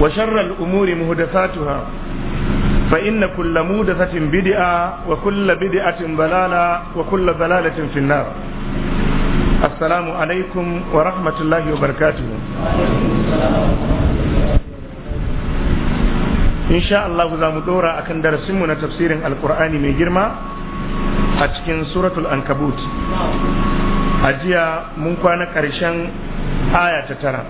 وشر الأمور مهدفاتها فإن كل مودثة بدعة وكل بدعة ضلالة وكل ضلالة في النار السلام عليكم ورحمة الله وبركاته إن شاء الله زام دورا أكن درسمنا تفسير القرآن من جرما أتكن سورة الأنكبوت أجيا منقوانا كرشان آية تترى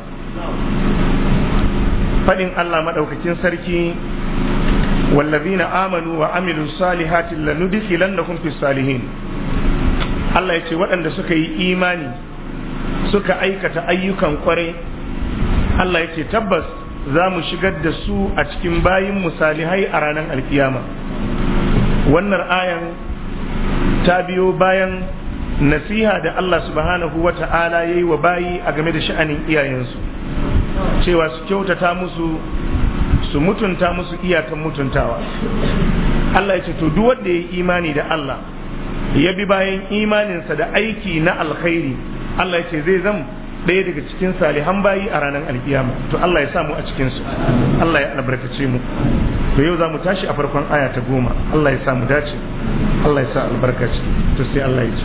faɗin Allah maɗaukakin sarki والذين آمنوا وعملوا الصالحات لندخلنهم في الصالحين Allah ya ce waɗanda suka yi imani suka aikata ayyukan kwarai Allah ya ce tabbas za mu shigar da su a cikin bayin salihai a ranar alkiyama wannan ayan ta biyo bayan nasiha da Allah subhanahu wa ta'ala ya yi wa bayi a game da sha'anin iyayensu cewa su kyautata musu su mutunta musu iyakan mutuntawa Allah ya ce to duk wanda ya yi imani da Allah ya bi bayan imaninsa da aiki na alkhairi Allah ya ce zai zama ɗaya daga cikin salihan bayi a ranar alkiyama to Allah ya samu a cikinsu Allah ya albarkace mu to yau za mu tashi a farkon aya ta goma Allah ya samu dace Allah ya sa albarkace to sai Allah ya ce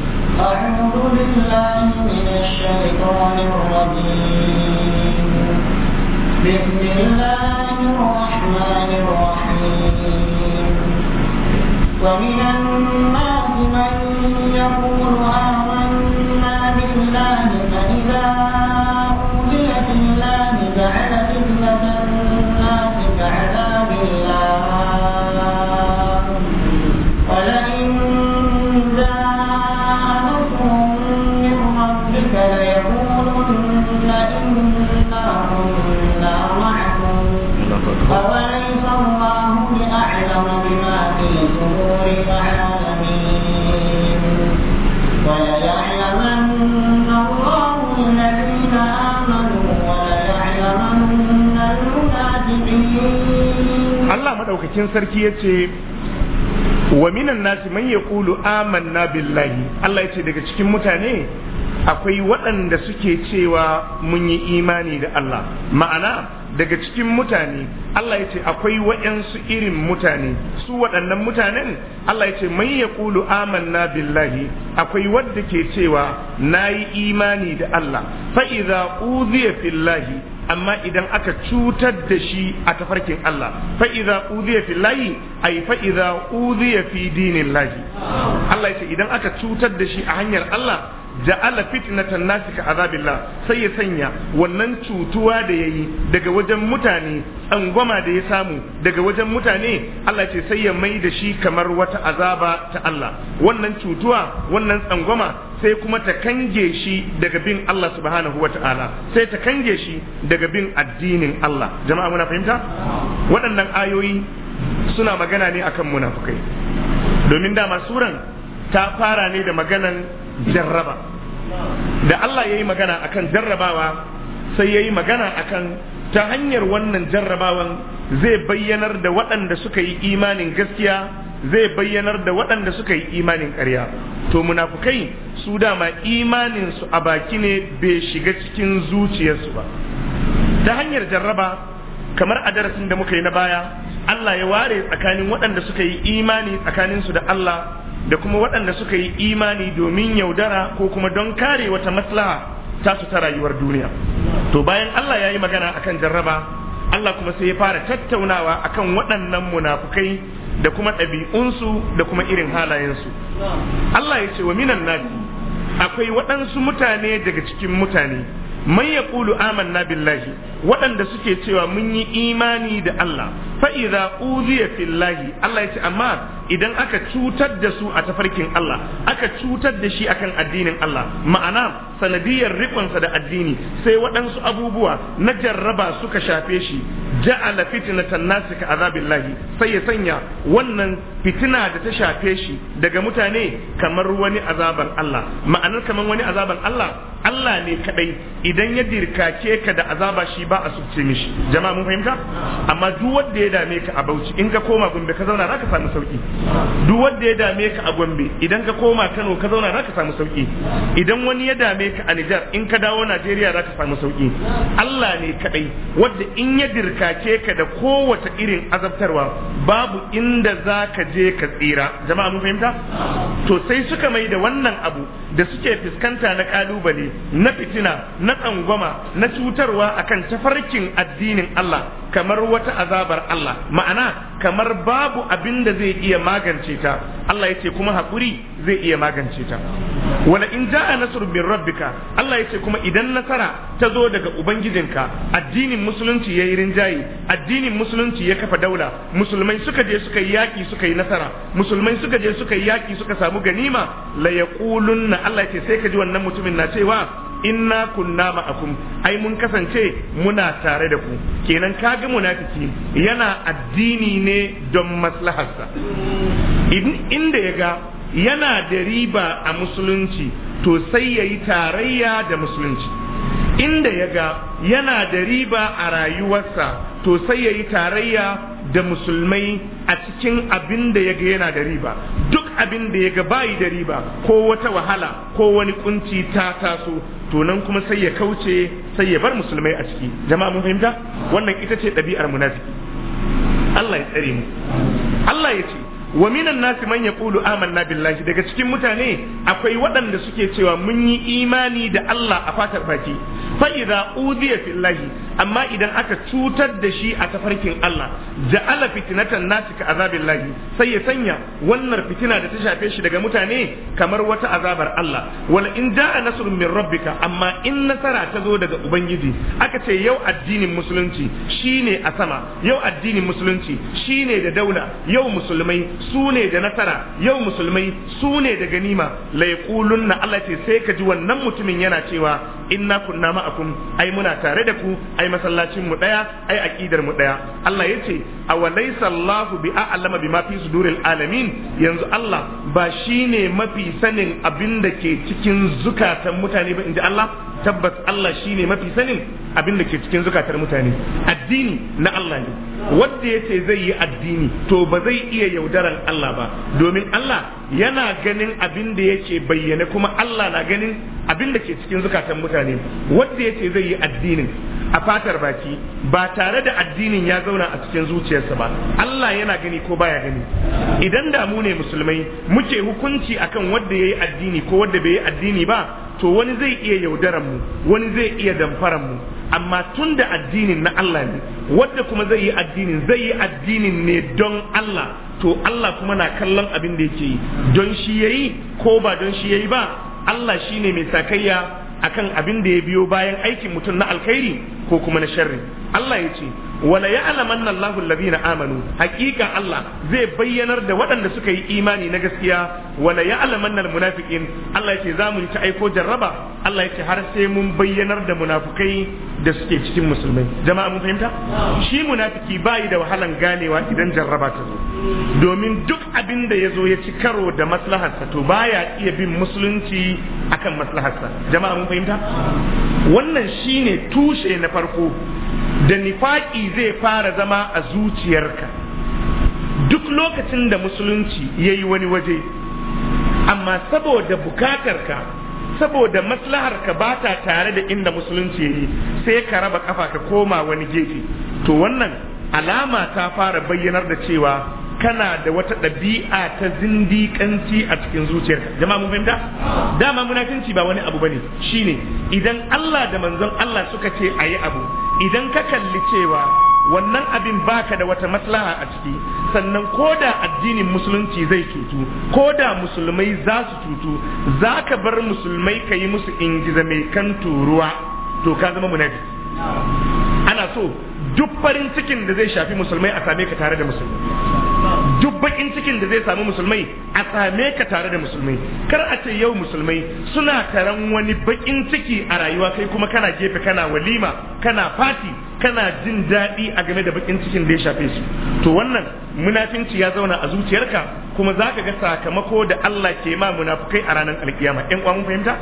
ومن الناس من يقول آمنا madaukakin sarki yace wa minan nasi man yaqulu amanna billahi Allah yace daga cikin mutane akwai waɗanda suke cewa mun yi imani da Allah ma'ana daga cikin mutane Allah ya ce akwai wa'yansu irin mutane su waɗannan mutanen Allah ya ce mai ya ƙulu amanna billahi akwai wanda ke cewa na yi imani da Allah fa'iza uziya fillahi amma idan aka cutar da shi a tafarkin Allah faiza idza udhiya fi layi ay fa idza udhiya fi dinillahi Allah ce idan aka cutar da shi a hanyar Allah ja'ala fitnatan nasi ka azabillah sai ya sanya wannan cutuwa da yayi daga wajen mutane tsangwama da ya samu daga wajen mutane Allah ce sai ya mai da shi kamar wata azaba ta Allah wannan cutuwa wannan tsangwama sai kuma ta kange shi daga bin Allah subhanahu wata'ala sai ta kange shi daga bin addinin Allah jama'a muna fahimta waɗannan ayoyi suna magana ne akan munafukai domin dama suran ta fara ne da maganan jarraba da Allah ya yi magana akan jarrabawa sai ya yi magana akan ta hanyar wannan jarrabawan zai bayyanar da waɗanda suka yi imanin gaskiya zai bayyanar da waɗanda suka yi imanin ƙarya to munafukai su dama imaninsu a baki ne bai shiga cikin zuciyarsu ba ta hanyar jarraba kamar a darasin da muka yi na baya Allah ya ware tsakanin waɗanda suka yi imani tsakaninsu da Allah da kuma waɗanda suka yi imani domin yaudara ko kuma don kare wata maslaha ta su ta rayuwar duniya to bayan Allah ya yi magana akan jarraba Allah kuma sai ya fara tattaunawa akan waɗannan munafukai da kuma ɗabi'unsu da kuma irin halayensu Allah ya ce wa minan nabi akwai waɗansu mutane daga cikin mutane man yaqulu amanna billahi waɗanda suke cewa mun yi imani da Allah fa'iza idza uziya fillahi Allah yace amma idan aka cutar da su a tafarkin Allah aka cutar da shi akan addinin Allah ma'ana sanadiyar rikonsa da addini sai waɗansu abubuwa na jarraba suka shafe shi ja'ala fitnatan nasi ka azabillahi sai ya sanya wannan fitina da ta shafe shi daga mutane kamar wani azaban Allah ma'anar kamar wani azaban Allah Allah ne kadai idan ya dirkace ka da azaba shi ba a subce mishi jama'a mun fahimta amma duk wanda ya dame ka a Bauchi in ka koma Gombe ka zauna zaka samu sauki duk wanda ya dame ka a Gombe idan ka koma Kano ka zauna zaka samu sauki idan wani ya dame kai ka a Nijar in ka dawo Najeriya za ka samu sauƙi Allah ne kaɗai wadda in ya dirkace ka da kowace irin azabtarwa babu inda za ka je ka tsira jama'a mun fahimta to sai suka mai da wannan abu da suke fuskanta na kalubale na fitina na tsangwama na cutarwa akan tafarkin addinin Allah kamar wata azabar Allah ma'ana kamar babu abin da zai iya magance ta Allah yace kuma hakuri zai iya magance ta wala in ja'a nasr min rabbika Allah yace kuma idan nasara ta zo daga ubangijinka addinin musulunci yayi rinjaye addinin musulunci ya kafa daula musulmai suka je suka yi yaki suka yi nasara musulmai suka je suka yi yaki suka samu ganima la yaqulunna Allah ya ce sai ka ji wannan mutumin na cewa inna kunna ma'akum ai mun kasance muna tare da ku kenan kaga munafiki yana addini ne don maslaharsa inda ya ga yana da riba a musulunci to sai ya yi tarayya da musulunci inda ya ga yana da riba a rayuwarsa to sai ya yi tarayya da musulmai a cikin abin da ya ga yana da riba duk abin da ya ga bayi da riba ko wata wahala ko wani kunci ta taso to nan kuma sai ya kauce sai ya bar musulmai a ciki jama'a mun fahimta wannan ita ce ɗabi'ar munafiki Allah ya tsare mu Allah ya ce wa minan nasi man yaqulu amanna billahi daga cikin mutane akwai waɗanda suke cewa mun yi imani da Allah a fatar baki fa idza udiya fillahi amma idan aka cutar da shi a tafarkin Allah ja'ala fitnatan nasi ka azabillahi sai ya sanya wannan fitina da ta shafe shi daga mutane kamar wata azabar Allah wal in ja'a nasrun min rabbika amma in nasara ta zo daga ubangiji aka ce yau addinin musulunci shine a sama yau addinin musulunci shine da daula yau musulmai su ne da nasara yau musulmai su ne da ganima laiqulun na Allah ce sai ka ji wannan mutumin yana cewa inna kunna ma'akum ai muna tare da ku ai masallacin mu daya ai aqidar mu daya Allah yace awalaysa Allahu bi a'lama bima fi suduril alamin yanzu Allah ba shine mafi sanin abin da ke cikin zukatan mutane ba inji Allah tabbas Allah shine mafi sanin abin da ke cikin zukatar mutane addini na Allah ne wanda yace zai yi addini to ba zai iya yaudaran Allah ba domin Allah yana ganin abin da yake bayyane kuma Allah na ganin abin da ke cikin zukatan mutane wanda yace zai yi addinin a fatar baki ba tare da addinin ya zauna a cikin zuciyarsa ba Allah yana gani ko baya gani idan da mu ne musulmai muke hukunci akan wanda yayi addini ko wanda bai yi addini ba to wani zai iya yaudaran mu wani zai iya damfaran mu amma tun da addinin na Allah ne wadda kuma zai yi addinin zai yi addinin ne don Allah to Allah kuma na kallon abin da yake yi don shi yayi ko ba don shi yayi ba Allah shine mai sakayya akan abin da ya biyo bayan aikin mutum na alkhairi ko kuma na sharri Allah ya ce wala ya'laman Allahu alladhina amanu hakika Allah zai bayyanar da waɗanda suka yi imani na gaskiya wala ya'laman munafikin. Allah ya ce za mu ci aiko jarraba Allah ya ce har sai mun bayyanar da munafukai da suke cikin musulmai jama'a mun fahimta shi munafiki bayi da wahalan ganewa idan jarraba ta zo domin duk abin da ya zo ya ci karo da maslaharsa to baya iya bin musulunci akan maslaharsa jama'a mun fahimta wannan shine tushe na farko da nifaƙi zai fara zama a zuciyarka duk lokacin da musulunci ya yi wani waje amma saboda bukatarka saboda maslaharka ba ta tare da inda musulunci ya yi sai ka raba kafa ka koma wani gefe to wannan alama ta fara bayyanar da cewa kana da wata ɗabi'a ta zindiƙanci a cikin zuciyarka jama'a mun fahimta dama munafinci ba wani abu bane shine idan Allah da manzon Allah suka ce ayi abu idan ka kalli cewa wannan abin baka da wata maslaha a ciki sannan ko da addinin musulunci zai cutu ko da musulmai za su cutu za ka bar musulmai ka yi musu ingiza mai kan turuwa to ka zama munafi ana so duk farin cikin da zai shafi musulmai a same ka tare da musulmai duk bakin cikin da zai samu musulmai a same ka tare da musulmai kar a ce yau musulmai suna taron wani bakin ciki a rayuwa kai kuma kana gefe kana walima kana fati kana jin daɗi a game da bakin cikin da ya shafe su to wannan munafinci ya zauna a zuciyarka kuma za ka ga sakamako da Allah ke ma munafukai a ranar alkiyama ɗan uwa mun fahimta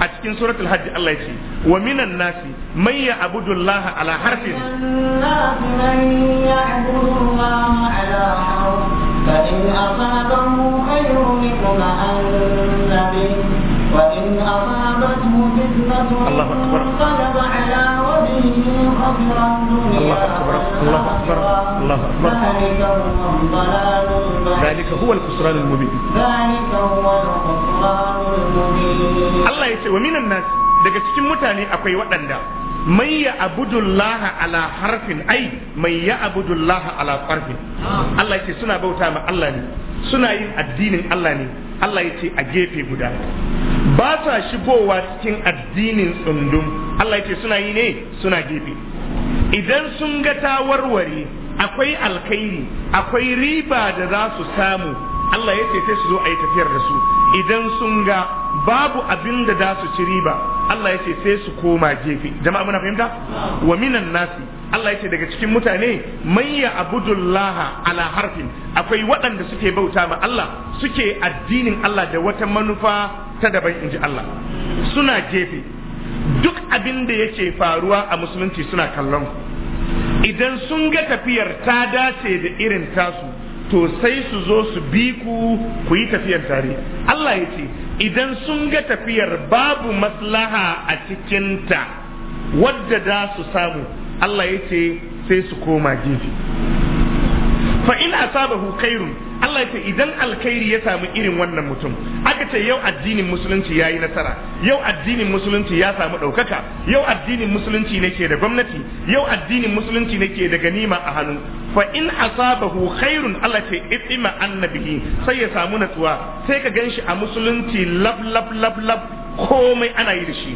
a cikin suratul hajj Allah ya ce wa minan nasi man ya'budu Allah ala harfin فإن أصابه خير اطمأن به وإن أصابته فتنة انقلب على وجهه خسر الدنيا الله أكبر الله أكبر ذلك هو الضلال ذلك هو الخسران المبين ذلك هو الخسران المبين الله يسوي من الناس daga cikin mutane akwai waɗanda mai ya abudullah ala harfin ai mai ya abudullah ala farfin Allah ce suna bauta ma Allah ne suna yin addinin Allah ne Allah ya ce a gefe guda ba sa shigowa cikin addinin tsundum Allah ya ce suna yi ne suna gefe idan sun ga ta warware akwai alkairi akwai riba da za su samu Allah ya ce sai su zo a yi tafiyar da su idan sun ga babu abin da za su ci riba Allah ya ce sai su koma gefe jama'a muna fahimta wa minan nasi Allah ya ce daga cikin mutane man ya abudullaha ala harfin akwai waɗanda suke bauta ma Allah suke addinin Allah da wata manufa ta daban inji Allah suna gefe duk abin da yake faruwa a musulunci suna kallon idan sun ga tafiyar ta dace da irin tasu to sai su zo su bi ku ku yi tafiyar tare Allah ya ce idan sun ga tafiyar babu maslaha a cikinta wadda da su samu Allah ya ce sai su koma gefe fa in asabahu khairun Allah ya ce idan alkhairi ya samu irin wannan mutum aka ce yau addinin musulunci ya yi nasara yau addinin musulunci ya samu ɗaukaka yau addinin musulunci ne ke da gwamnati yau addinin musulunci ne ke da ganima a hannu fa in asabahu khairun Allah ce itima annabihi sai ya samu natsuwa sai ka ganshi a musulunci lab lab lab lab komai ana yi da shi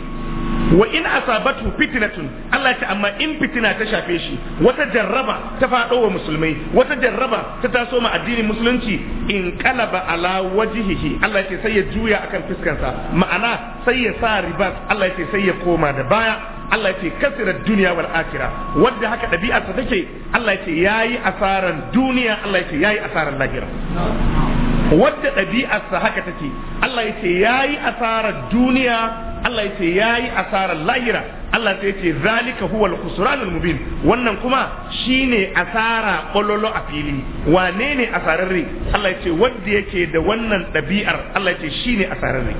wa in asabatu fitnatun Allah ce amma in fitina ta shafe shi wata jarraba ta faɗo wa musulmai wata jarraba ta taso ma addinin musulunci in kalaba ala wajihihi Allah ce sai ya juya akan fuskarsa ma'ana sai ya sa ribas Allah ce sai ya koma da baya Allah ce kasirar duniya wal akira wanda haka ɗabi'arsa take Allah ce yayi asaran duniya Allah ce yayi asaran lahira wadda ɗabi'arsa haka take Allah ya ce ya yi asarar duniya Allah yace yayi asarar lahira Allah sai yace zalika huwal al mubin wannan kuma shine asara kololo a fili wane ne asararre Allah yace wanda yake da wannan ɗabi'ar Allah yace shine asararre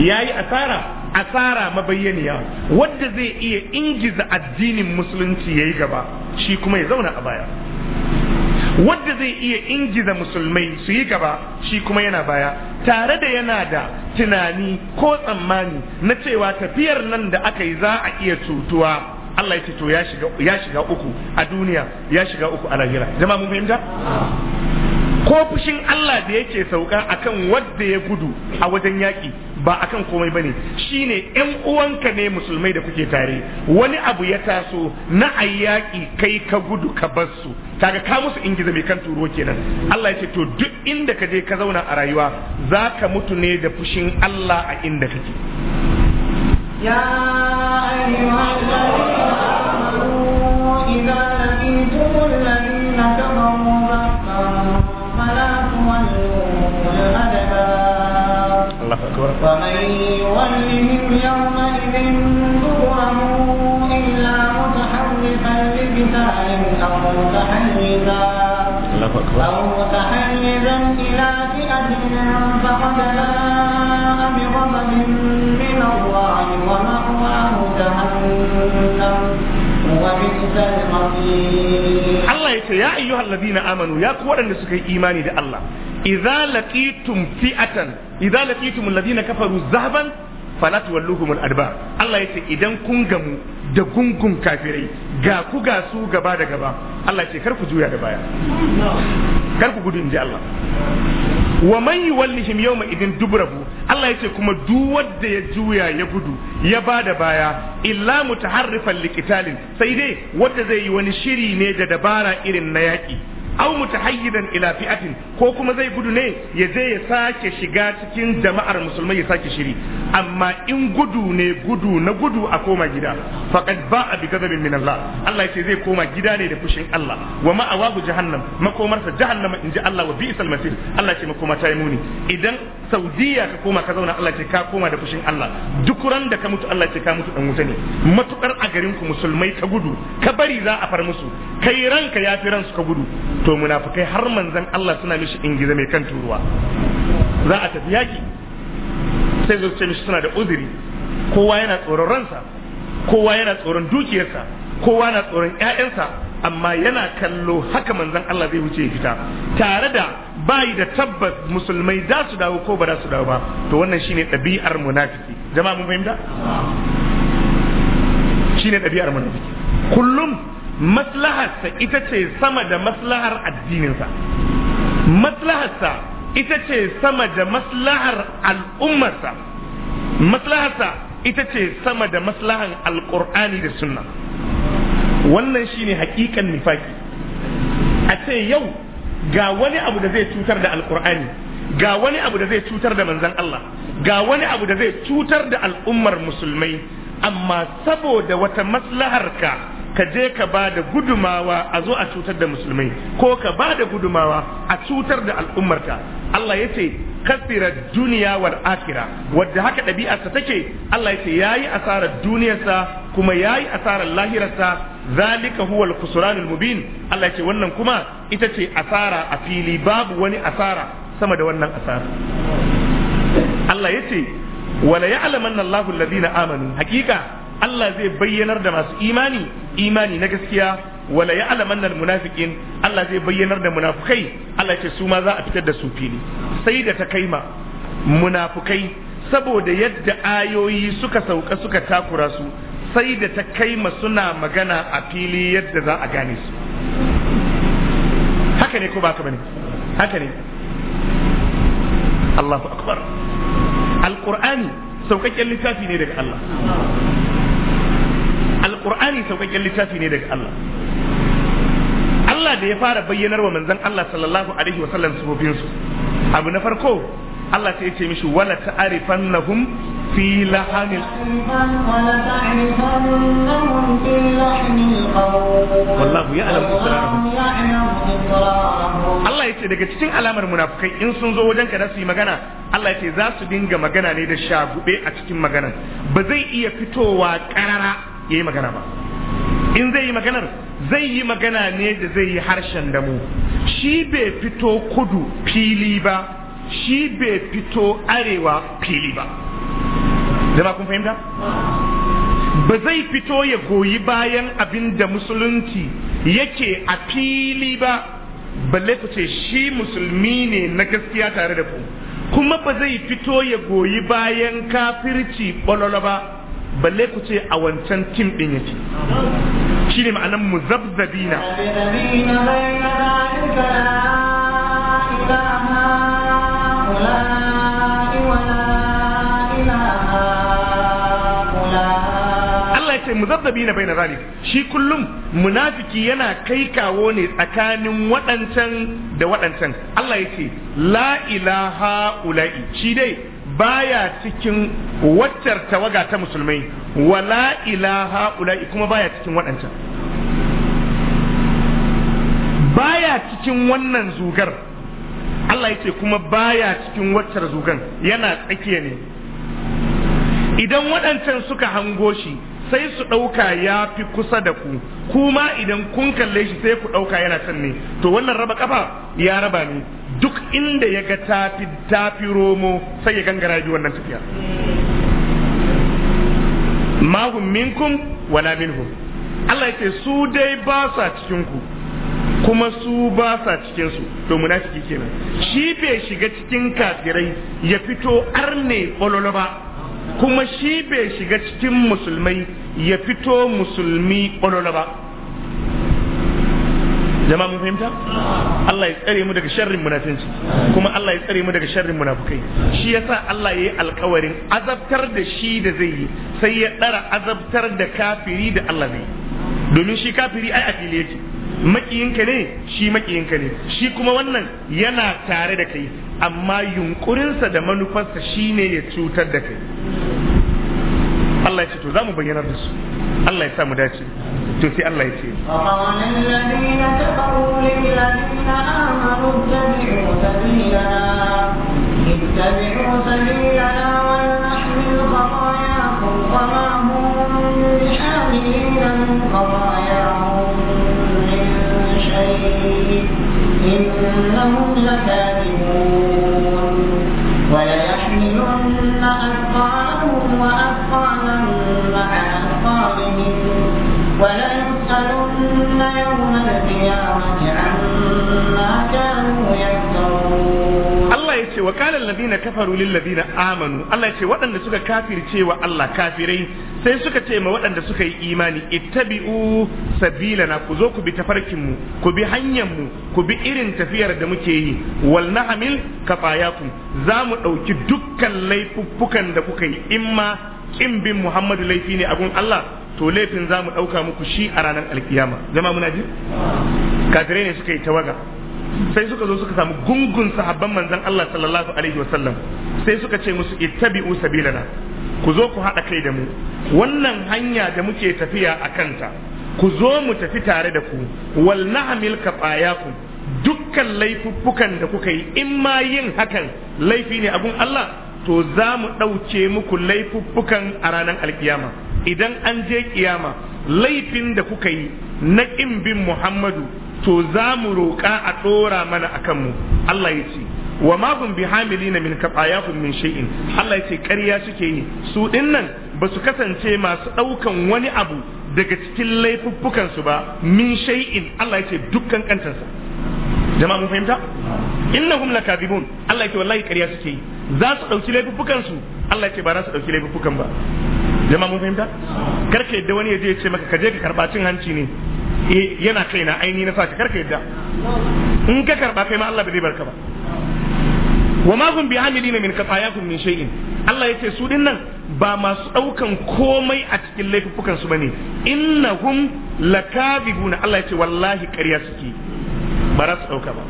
yayi asara asara mabayyaniya wanda zai iya ingiza addinin musulunci yayi gaba shi kuma ya zauna a baya Wanda zai iya ingiza musulmai su yi gaba shi kuma yana baya tare da yana da tunani ko tsammani na cewa tafiyar nan da aka yi za a iya cutuwa Allah ya ce ya shiga uku a duniya ya shiga uku a lahira jama'a mun fahimta ko fushin Allah da yake sauka akan wadda ya gudu a wajen yaƙi ba a kan komai ba bane shi yan uwanka ne musulmai da kuke tare wani abu ya taso na ayyaki kai ka gudu ka bar su kaga ka musu ingiza mai kan turo kenan Allah ya ce to duk inda ka je ka zauna a rayuwa za ka mutu ne da fushin Allah a inda kake فمن يولهم يومئذ دبره إلا متحرفا لقتال أو متحيزا أو متحيزا إلى فئة فقد جاء بغضب من الله ومأواه جهنم وبئس المصير الله يا أيها الذين آمنوا يا قوة أن سكي إيماني الله idza laqitum fi'atan idza laqitum alladhina kafaru zahban fala tuwalluhum al-adbar Allah yace idan kun gamu da gungun kafirai ga ku ga su gaba da gaba Allah yace kar ku juya da baya kar ku gudu inji Allah wa man yuwallihim yawma idin dubrahu Allah yace kuma duk wanda ya juya ya gudu ya bada baya illa mutaharrifan liqitalin sai dai wanda zai yi wani shiri ne da dabara irin na yaki aw mutahayyidan ila fi'atin ko kuma zai gudu ne ya je ya sake shiga cikin jama'ar musulmai ya sake shiri amma in gudu ne gudu na gudu a koma gida faqad ba'a bi ghadabin min Allah Allah yace zai koma gida ne da fushin Allah wa ma'awahu jahannam makomarsa jahannama inji Allah wa bi'sal masir Allah yace makoma ta muni idan Saudiya ka koma ka zauna Allah yace ka koma da fushin Allah duk ran da ka mutu Allah yace ka mutu dan wuta ne matukar a garin ku musulmai ka gudu ka bari za a far musu kai ranka ya fi ran suka gudu to munafukai har manzan Allah suna mishi ingiza mai kan turuwa za a tafi yaki sai zo ce mishi suna da uzuri kowa yana tsoron ransa kowa yana tsoron dukiyarsa kowa na tsoron ƴaƴansa amma yana kallo haka manzan Allah zai wuce ya fita tare da bayi da tabbas musulmai za su dawo ko ba za su dawo ba to wannan shine ɗabi'ar munafiki jama'a mun fahimta shine ɗabi'ar munafiki kullum maslaharsa ita ce sama da maslahar addininsa maslaharsa ita ce sama da maslahar al'ummarsa maslaharsa ita ce sama da maslahar alƙur'ani da sunna wannan shine hakikan nifaki a ce yau ga wani abu da zai cutar da alkur'ani ga wani abu da zai cutar da manzan Allah ga wani abu da zai cutar da al'ummar musulmai amma saboda wata maslaharka ka je ka ba da gudumawa a zo a cutar da musulmai ko ka ba da gudumawa a cutar da al'ummarta. Allah ya ce kasirar duniya wal akira wadda haka ɗabi'arsa take Allah ya ce ya yi asarar duniyarsa kuma ya yi asarar lahirarsa zalika huwa al-kusuranul mubin Allah ya ce wannan kuma ita ce asara a fili babu wani asara sama da wannan asara Allah ya ce wala alamanna Allahu amanu hakika Allah zai bayyanar da masu imani imani na gaskiya wala ya alaman nan munafikin Allah zai bayyanar da munafukai Allah ce su ma za a fitar da su fili sai da ta kaima munafukai saboda yadda ayoyi suka sauka suka takura su sai da ta kaima suna magana a fili yadda za a gane su haka ne ko ba ka bane haka ne Allahu akbar alqur'ani saukakken littafi ne daga Allah alqur'ani sauƙaƙƙen littafi ne daga Allah Allah da ya fara bayyanar wa manzon Allah sallallahu alaihi wa sallam su abu na farko Allah sai ya ce mishi wala ta'rifannahum fi lahanil wallahu ya'lamu israrahum Allah ya ce daga cikin alamar munafukai in sun zo wajen ka da su yi magana Allah ya ce za su dinga magana ne da shagube a cikin magana ba zai iya fitowa karara ya yi magana ba in zai yi maganar zai yi magana ne da zai yi harshen da mu shi bai fito kudu fili ba shi bai fito arewa fili ba jama kun fahimta ba zai fito ya goyi bayan abin da musulunci yake a fili ba balle ku ce shi musulmi ne na gaskiya tare da ku kuma ba zai fito ya goyi bayan kafirci ɓalwala ba balle ku ce a wancan tim din yake shi ne ma'anan zabzabina Allah ya ce muzabbabina bai na zalik shi kullum munafiki yana kai kawo ne tsakanin waɗancan da waɗancan Allah ya ce la ilaha ula'i shi dai baya cikin waccar tawaga ta musulmai wala ilaha ula'i kuma baya cikin waɗancan baya cikin wannan zugar Allah yake kuma baya cikin waccar zugan yana tsakiya ne idan waɗancan suka hango shi sai su ɗauka ya fi kusa da ku kuma idan kun kalle shi sai ku ɗauka yana can ne to wannan raba kafa ya raba ni duk inda ya ga tafi tafi romo sai ya gangara bi wannan tafiya mahum minkum wala minhum Allah ya ce su dai ba sa cikin ku kuma su ba sa cikin su to munafiki kenan shi bai shiga cikin kafirai ya fito arne bololo ba kuma shi bai shiga cikin musulmai ya fito musulmi ƙwararra ba jama mun fahimta Allah ya tsare mu daga sharrin munafinci kuma Allah ya tsare mu daga sharrin munafukai shi yasa Allah ya yi alkawarin azabtar da shi da zai yi sai ya ɗara azabtar da kafiri da Allah zai domin shi kafiri ai a fili yake makiyinka ne shi makiyinka ne shi kuma wannan yana tare da kai amma yunkurinsa da manufarsa shine ya cutar da kai Allah ya ce to za mu bayyanar da su Allah ya sa mu dace to sai Allah ya ce Oh, my. ولنحمل شيء إنهم لكاذبون وليحملن أكثر wa qala alladhina kafaru lil ladina amanu Allah ce waɗanda suka kafirce wa Allah kafirai sai suka ce ma waɗanda suka yi imani ittabi'u sabilana ku zo ku bi tafarkin mu ku bi hanyar mu ku bi irin tafiyar da muke yi wal nahmil kafayakum za mu ɗauki dukkan laifuffukan da kuka yi imma kin bin Muhammadu laifi ne abun Allah to laifin za mu ɗauka muku shi a ranar alkiyama zama muna ji kafirai ne suka yi tawaga sai suka zo suka samu gungun sahabban manzon Allah sallallahu alaihi wasallam sai suka ce musu ittabi'u sabilana ku zo ku haɗa kai da mu wannan hanya da muke tafiya a kanta ku zo mu tafi tare da ku wal nahmil kafayakum dukkan laifuffukan da kuka yi in ma yin hakan laifi ne abun Allah to za mu ɗauke muku laifuffukan a ranar alkiyama idan an je kiyama laifin da kuka yi na ƙin bin Muhammadu to za mu roƙa a ɗora mana a kanmu Allah ya ce wa ma hum na min kafayahum min shay'in Allah ya ce ƙarya suke yi su ɗin nan ba su kasance masu ɗaukan wani abu daga cikin laifuffukansu ba min shay'in Allah ya ce dukkan kantansa jama'a mun fahimta innahum lakadibun Allah ya ce wallahi ƙarya suke yi za su ɗauki laifuffukansu. Allah ya ce ba za su ɗauki laifuffukan ba jama'a mun fahimta karka yadda wani ya je ya ce maka ka je ka karɓa cin hanci ne E, yana kaina aini na ka karka yadda in ka karba kai ma Allah ba zai barka ba wa ma hum bihamilina min qatayakum min shay'in Allah yace su din nan ba masu daukan komai a cikin laifukan su bane innahum lakadibuna Allah yace wallahi ƙarya suke ba za su dauka ba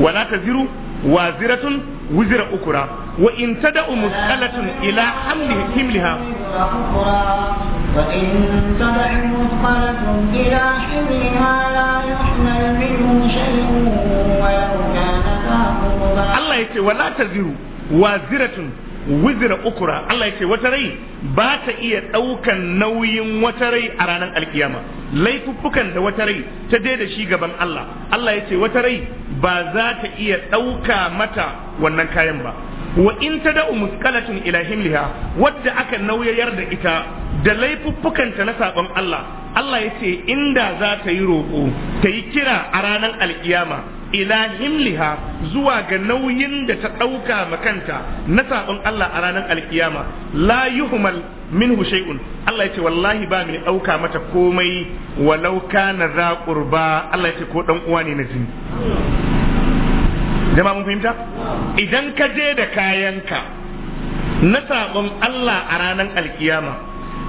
wala taziru waziratun wuzira ukura وإن تدأ مثقلة إلى حمل حملها وإن تدع مثقلة إلى حملها لا يحمل منه شيء ولو كان ذا الله يتي ولا تزر وازرة wizira ukura Allah ya ce wata rai ba ta iya ɗaukan nauyin wata rai a ranar alkiyama laifuffukan da wata rai ta je da shi gaban Allah Allah ya ce wata rai ba za ta iya ɗauka mata wannan kayan ba wa in da musqalatun ilahim himliha wadda aka nauyayar da ita da laifuffukanta na sabon Allah Allah ya ce inda za ta yi roƙo ta yi kira a ranar alkiyama ilahim liha zuwa ga nauyin da ta ɗauka makanta na sabon Allah a ranar alkiyama la yuhmal minhu shay'un Allah ya ce wallahi ba mai ɗauka mata komai walau kana za qurba Allah ya ce ko ɗan uwa ne na jini jama'a mun fahimta idan ka je da kayanka na sabon Allah a ranar alkiyama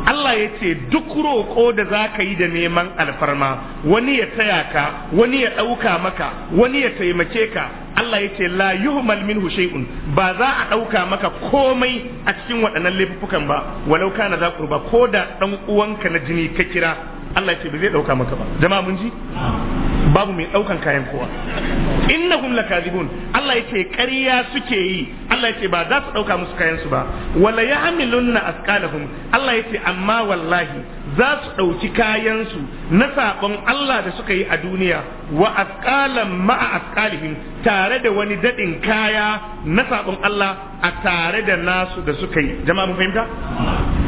Allah ya ce duk roƙo da za ka yi da neman alfarma wani ya taya ka wani ya ɗauka maka wani ya taimake ka Allah ya ce la yuhmal minhu shay'un ba za a ɗauka maka komai a cikin waɗannan laifukan ba walau na za ba ko da ɗan uwanka na jini ka kira Allah ya ce ba zai ɗauka maka ba jama'a mun ji babu mai ɗaukan kayan kowa innahum lakazibun Allah yace ƙarya suke yi Allah yace ba za su ɗauka musu kayan su ba wala yahmilunna asqalahum Allah yace amma wallahi za su dauki kayan su na sabon Allah da suka yi a duniya wa asqalan ma'a asqalihim tare da wani daɗin kaya na sabon Allah a tare da nasu da suka yi jama'a mun fahimta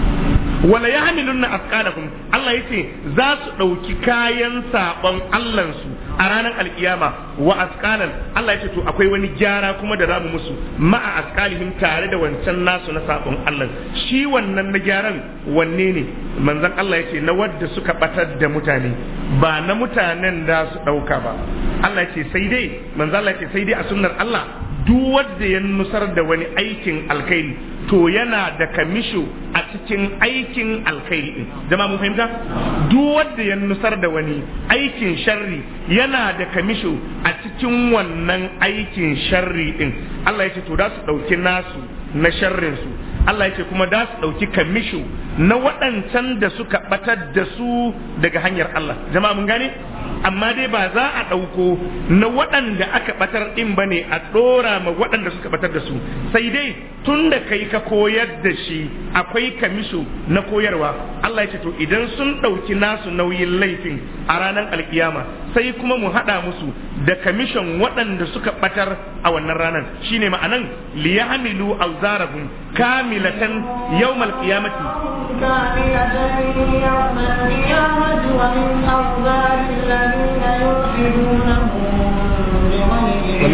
wala ya hamilun na afkalakum Allah ya ce za su ɗauki kayan saɓon Allahnsu a ranar alkiyama wa afkalan Allah ya ce to akwai wani gyara kuma da zamu musu ma'a afkalihim tare da wancan nasu na saɓon Allah shi wannan na gyaran wanne ne manzon Allah ya ce na wadda suka batar da mutane ba na mutanen da su ɗauka ba Allah ya ce sai dai manzon Allah ya ce sai dai a sunnar Allah duk wanda ya nusar da wani aikin alkhairi to yana da kamisho a cikin aikin alkhairi din jama'a mun fahimta duk wanda ya nusar da wani aikin sharri yana da kamisho a cikin wannan aikin sharri din Allah ya ce to da su dauki nasu na sharrin su Allah ya ce kuma da su dauki kamisho na waɗancan da suka batar da su daga hanyar Allah jama'a mun gane amma dai ba za a ɗauko na waɗanda aka ɓatar ɗin ba ne a ɗora ma waɗanda suka ɓatar da su sai dai tun da kai ka koyar da shi akwai kamisho na koyarwa Allah ya ce to idan sun ɗauki nasu nauyin laifin a ranar alkiyama sai kuma mu haɗa musu da kamishon waɗanda suka ɓatar a wannan ranar shine ma'anan liyamilu auzarahum kamilatan yawmal qiyamati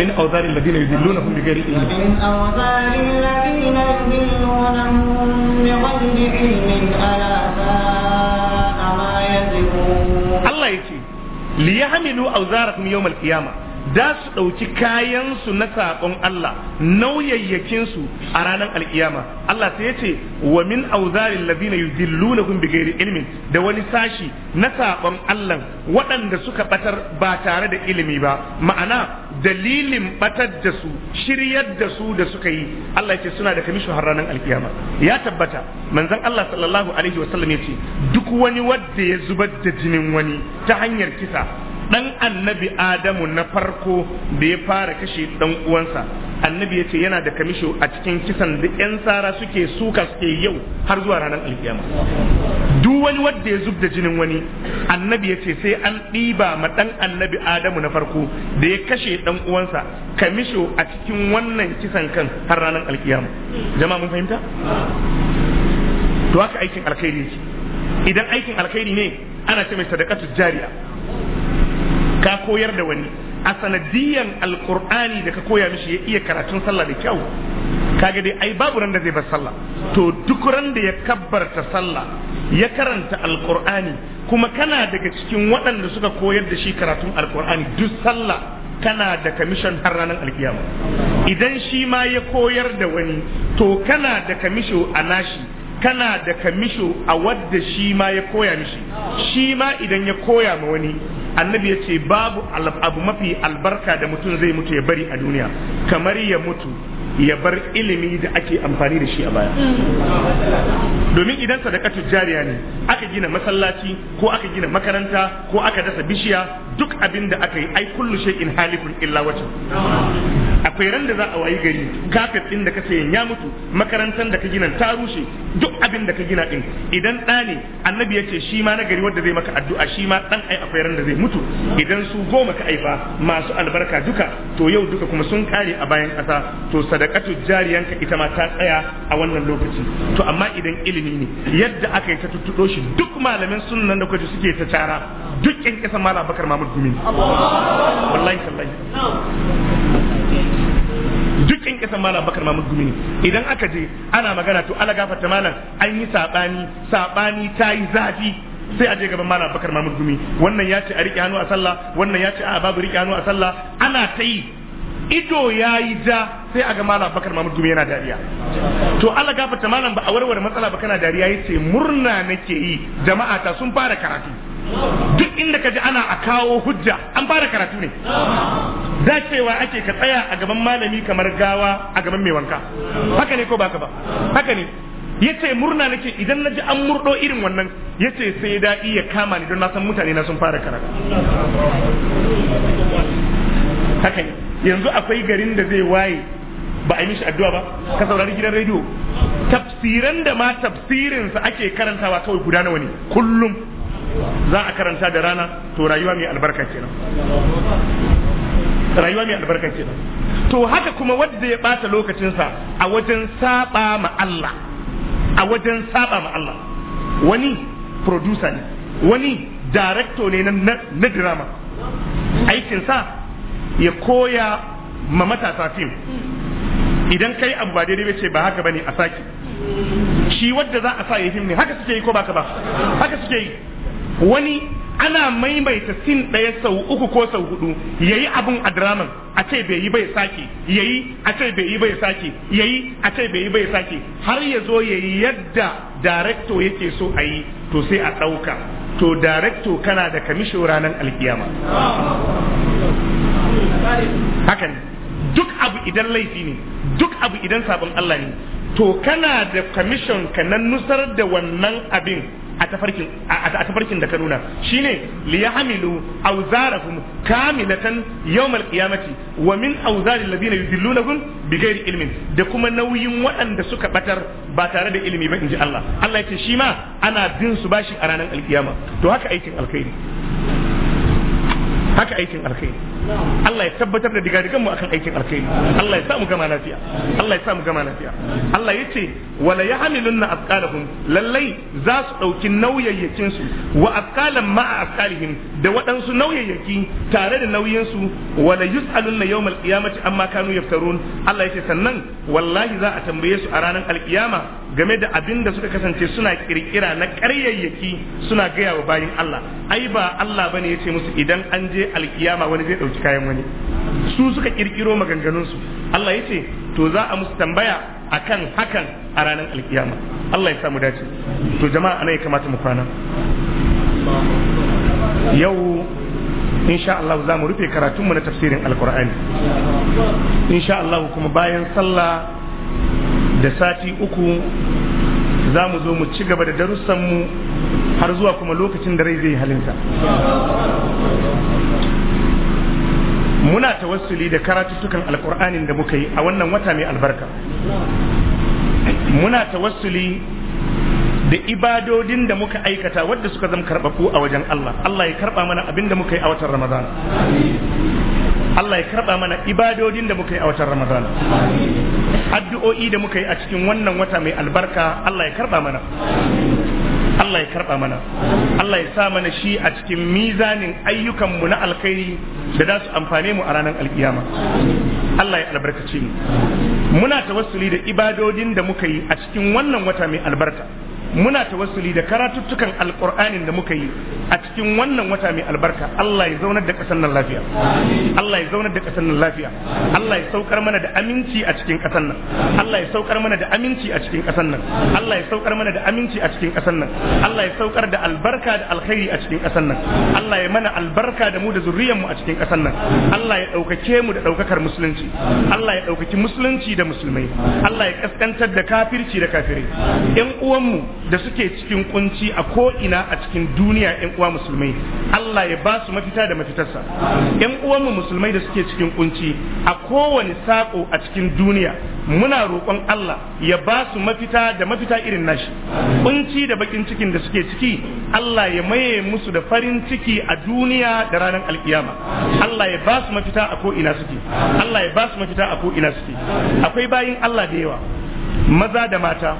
من أوزار الذين يذلونهم بغير علم ومن أوزار الذين يذلونهم بغير علم ألا ساء ما يزرون الله يجي ليحملوا أوزارهم يوم القيامة da su ɗauki kayansu na saƙon Allah nauyayyakinsu a ranar alkiyama Allah sai ya ce wa min auzarin ladina yudillunahum bighairi ilmin da wani sashi na saƙon Allah waɗanda suka batar ba tare da ilimi ba ma'ana dalilin ɓatar da su shiryar da su da suka yi Allah ya ce suna da kamishin har ranar alkiyama ya tabbata manzon Allah sallallahu alaihi wasallam ya ce duk wani wanda ya zubar da jinin wani ta hanyar kisa dan annabi adamu na farko da ya fara kashe dan uwansa annabi ya ce yana da kamisho a cikin kisan da yan tsara suke suka suke yau har zuwa ranar alkiyama duk wani wanda ya zubda jinin wani annabi ya ce sai an ɗiba ma dan annabi adamu na farko da ya kashe dan uwansa kamisho a cikin wannan kisan kan har ranar alkiyama jama'a mun fahimta to haka aikin alkhairi idan aikin alkhairi ne ana ce mai sadaqatu jariya ka koyar da wani a sanadiyan alkur'ani da ka koya mishi ya iya karatun sallah da kyau kaga dai ai babu ran da zai bar sallah to duk ran da ya kabbarta sallah ya karanta alkur'ani kuma kana daga cikin waɗanda suka koyar da shi karatun alkur'ani duk sallah kana da kamishin har ranar alkiyama idan shi ma ya koyar da wani to kana da kamisho a nashi kana da kamisho a wadda shi ma ya koya mishi shi ma idan ya koya ma wani annabi ya ce babu abu mafi albarka da mutum zai mutu ya bari a duniya kamar ya mutu ya bar ilimi da ake amfani da shi a baya domin idan sadakatu jariya ne aka gina masallaci ko aka gina makaranta ko aka dasa bishiya duk abin da aka yi ai kullu shay'in halikun illa wajh akwai ran da za a wayi gari kafet din da ka ya mutu makarantar da ka gina ta rushe duk abin da ka gina din idan ɗa ne annabi ya ce shi ma na gari wanda zai maka addu'a shi ma ɗan ai akwai ran da zai mutu idan su goma ka aifa masu albarka duka to yau duka kuma sun kare a bayan kasa to sadakatu jariyanka ita ma ta tsaya a wannan lokaci to amma idan ilimi ne yadda aka yi ta tuttuɗo shi duk malamin sunan da kwaje suke ta tara duk ƴan kasan malam bakar mamud gumi wallahi duk in kasan malam bakar mamud gumi ne idan aka je ana magana to ala gafarta malam an yi sabani sabani ta yi zafi sai a je gaban malam bakar mamud gumi wannan ya ce a riƙe hannu a sallah wannan ya ce a babu riƙe hannu a sallah ana ta yi ido ya yi ja sai a ga malam bakar mamud gumi yana dariya to ala gafarta malam ba a warware matsala ba kana dariya yace murna nake yi jama'a ta sun fara karatu duk inda ka ji ana a kawo hujja an fara karatu ne dacewa ake ka tsaya a gaban malami kamar gawa a gaban mai wanka haka ne ko baka ba haka ne Ya ce murna nake idan na ji an murdo irin wannan ya ce sai daɗi ya kama ni don na san mutane na sun fara karatu haka ne yanzu akwai garin da zai waye ba a yi mishi addu'a ba ka saurari gidan rediyo tafsiran da ma tafsirinsa ake karantawa kawai guda nawa ne kullum za a karanta da rana to rayuwa mai albarka kenan rayuwa mai albarka kenan to haka kuma wanda ya bata lokacinsa a wajen saba ma Allah a wajen saba ma Allah wani producer ne wani director ne na drama aikinsa ya koya ma matasa fim idan kai abu ba daidai ce ba haka bane a saki shi wadda za a sa ya fim ne haka suke yi ko baka ba haka suke yi wani ana maimaita sin ɗaya sau uku ko sau hudu yayi abun a draman a ce bai yi bai sake yayi a ce bai yi bai sake yayi a ce bai yi bai sake har ya zo yayi yadda director yake so a yi to sai a ɗauka to director kana da kamisho ranar alkiyama hakan duk abu idan laifi ne duk abu idan sabon Allah ne to kana da kamishin ka na nusar da wannan abin a tafarkin a tafarkin da ka nuna shine li yahmilu awzarahum kamilatan yawmal qiyamati wa min awzari alladhina yudillunahum bighairi ilmin da kuma nauyin waɗanda suka batar ba tare da ilimi ba inji Allah Allah ya ce shi ma ana bin su bashi a ranar alkiyama to haka aikin alkhairi haka aikin alkhairi Allah ya tabbatar da digadigan mu akan aikin alkhairi Allah ya sa mu gama lafiya Allah ya sa mu gama lafiya Allah ya ce wala yahmilunna asqalahum lallai za su ɗauki nauyayyakin su wa asqalan ma asqalihim da waɗansu nauyayyaki tare da nauyin su wala yusalunna yawmal qiyamati amma kanu yaftarun Allah ya ce sannan wallahi za a tambaye su a ranar alkiyama game da abin da suka kasance suna kirkira na karyayyaki suna gaya wa bayin Allah ai ba Allah bane ya ce musu idan an je alkiyama wani zai ɗauki kayan wani su suka kirkiro su Allah ya ce to za a musu tambaya akan hakan a ranar alkiyama Allah ya samu dace to jama'a anan ya kamata mu kwana yau sha Allah za mu rufe karatunmu na tafsirin alkur'ani sha Allah kuma bayan sallah da sati uku za mu zo mu ci gaba da darussanmu har zuwa kuma lokacin da rai zai halinta muna tawassuli da karatuttukan alkur'anin da muka yi a wannan wata mai albarka muna tawassuli da ibadodin da muka aikata wadda suka zama ko a wajen Allah Allah ya karɓa mana abin da muka yi a watan Ramadana. Allah ya karba mana ibadodin da muka yi a watan Ramadan addu'o'i da muka yi a cikin wannan wata mai albarka Allah ya karba mana Allah ya karba mana Allah ya sa mana shi a cikin mizanin ayyukanmu na alkhairi da za su amfane mu a ranar alkiyama Allah ya albarkace mu muna tawassuli da ibadodin da muka yi a cikin wannan wata mai albarka muna tawassuli da karatuttukan alƙur'anin da muka yi a cikin wannan wata mai albarka Allah ya zaunar da ƙasar nan lafiya Allah ya zaunar da ƙasar nan lafiya Allah ya saukar mana da aminci a cikin ƙasar nan Allah ya saukar mana da aminci a cikin ƙasar nan Allah ya saukar mana da aminci a cikin ƙasar nan Allah ya saukar da albarka da alkhairi a cikin ƙasar nan Allah ya mana albarka da mu da zuriyar mu a cikin ƙasar nan Allah ya ɗaukake mu da ɗaukakar musulunci Allah ya ɗaukaki musulunci da musulmai Allah ya kaskantar da kafirci da kafirai ƴan uwanmu da suke cikin kunci a ko ina a cikin duniya yan uwa musulmai Allah ya ba su mafita da mafitarsa yan uwan mu musulmai da suke cikin kunci a kowane sako a cikin duniya muna roƙon Allah ya ba su mafita da mafita irin nashi kunci da bakin cikin da suke ciki Allah ya maye musu da farin ciki a duniya da ranar alkiyama Allah ya ba su mafita a ko ina suke Allah ya ba su mafita a ko ina suke akwai bayin Allah da yawa maza da mata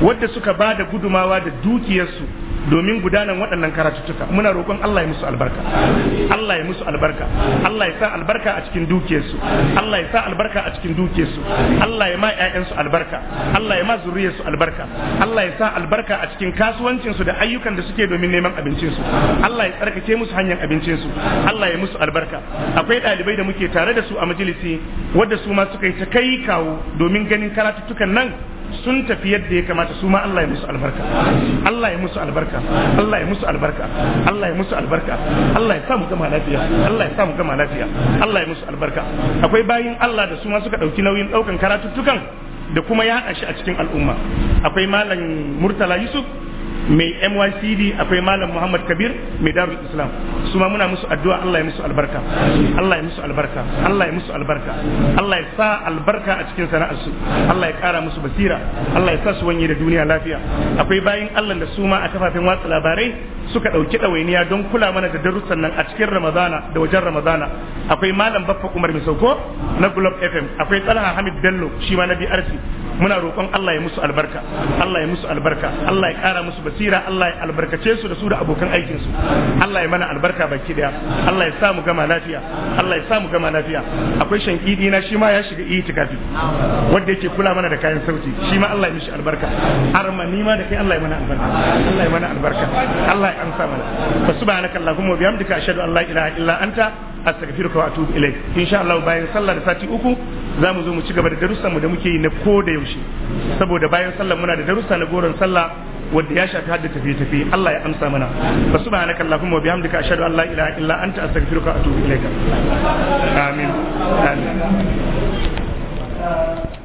wadda suka ba da gudumawa da dukiyarsu domin gudanar waɗannan karatuttuka muna roƙon Allah ya musu albarka Allah ya musu albarka Allah ya sa albarka a cikin dukiyarsu Allah ya sa albarka a cikin dukiyarsu Allah ya ma ƴaƴansu albarka Allah ya ma zuriyarsu albarka Allah ya sa albarka a cikin kasuwancinsu da ayyukan da suke domin neman abincinsu Allah ya tsarkake musu hanyar abincinsu Allah ya musu albarka akwai ɗalibai da muke tare da su a majalisi wadda su ma suka yi ta kai kawo domin ganin karatuttukan nan sun tafi yadda ya kamata su ma Allah ya musu albarka Allah ya musu albarka Allah ya musu albarka Allah ya musu albarka Allah ya samu gama lafiya Allah ya samu gama lafiya Allah ya musu albarka akwai bayin Allah da su ma suka dauki nauyin daukan karatuttukan da kuma ya shi a cikin al'umma akwai malam Murtala Yusuf mai MYCD akwai malam Muhammad Kabir mai Darul Islam su ma muna musu addu'a Allah ya musu albarka Allah ya musu albarka Allah ya musu albarka Allah ya sa albarka a cikin sana'ar su Allah ya kara musu basira Allah ya sa su wanye da duniya lafiya akwai bayin Allah da su ma a kafafen watsa labarai suka ɗauki ɗawainiya don kula mana da darussan nan a cikin ramadana da wajen ramadana akwai malam baffa umar sauko na globe fm akwai tsalaha hamid bello shi ma na brc muna roƙon allah ya musu albarka allah ya musu albarka allah ya ƙara musu basira allah ya albarkace su da su da abokan aikin su allah ya mana albarka baki ɗaya allah ya sa mu gama lafiya allah ya sa mu gama lafiya akwai shankidi na shi ma ya shiga itikafi wanda yake kula mana da kayan sauti shi ma allah ya mishi albarka armani ma da kai allah ya mana albarka allah ya mana albarka allah ya amsa mana fa subhanaka allahumma wa bihamdika ashhadu an la ilaha illa anta astaghfiruka wa atubu insha Allah bayan sallah da sati uku zamu zo mu ci gaba da darussan mu da muke yi na ko yaushe saboda bayan sallah muna da darussa na goron sallah wanda ya shafi hadda Allah ya amsa mana fa subhanaka allahumma wa bihamdika ashhadu an la ilaha illa anta astaghfiruka wa atubu amin amin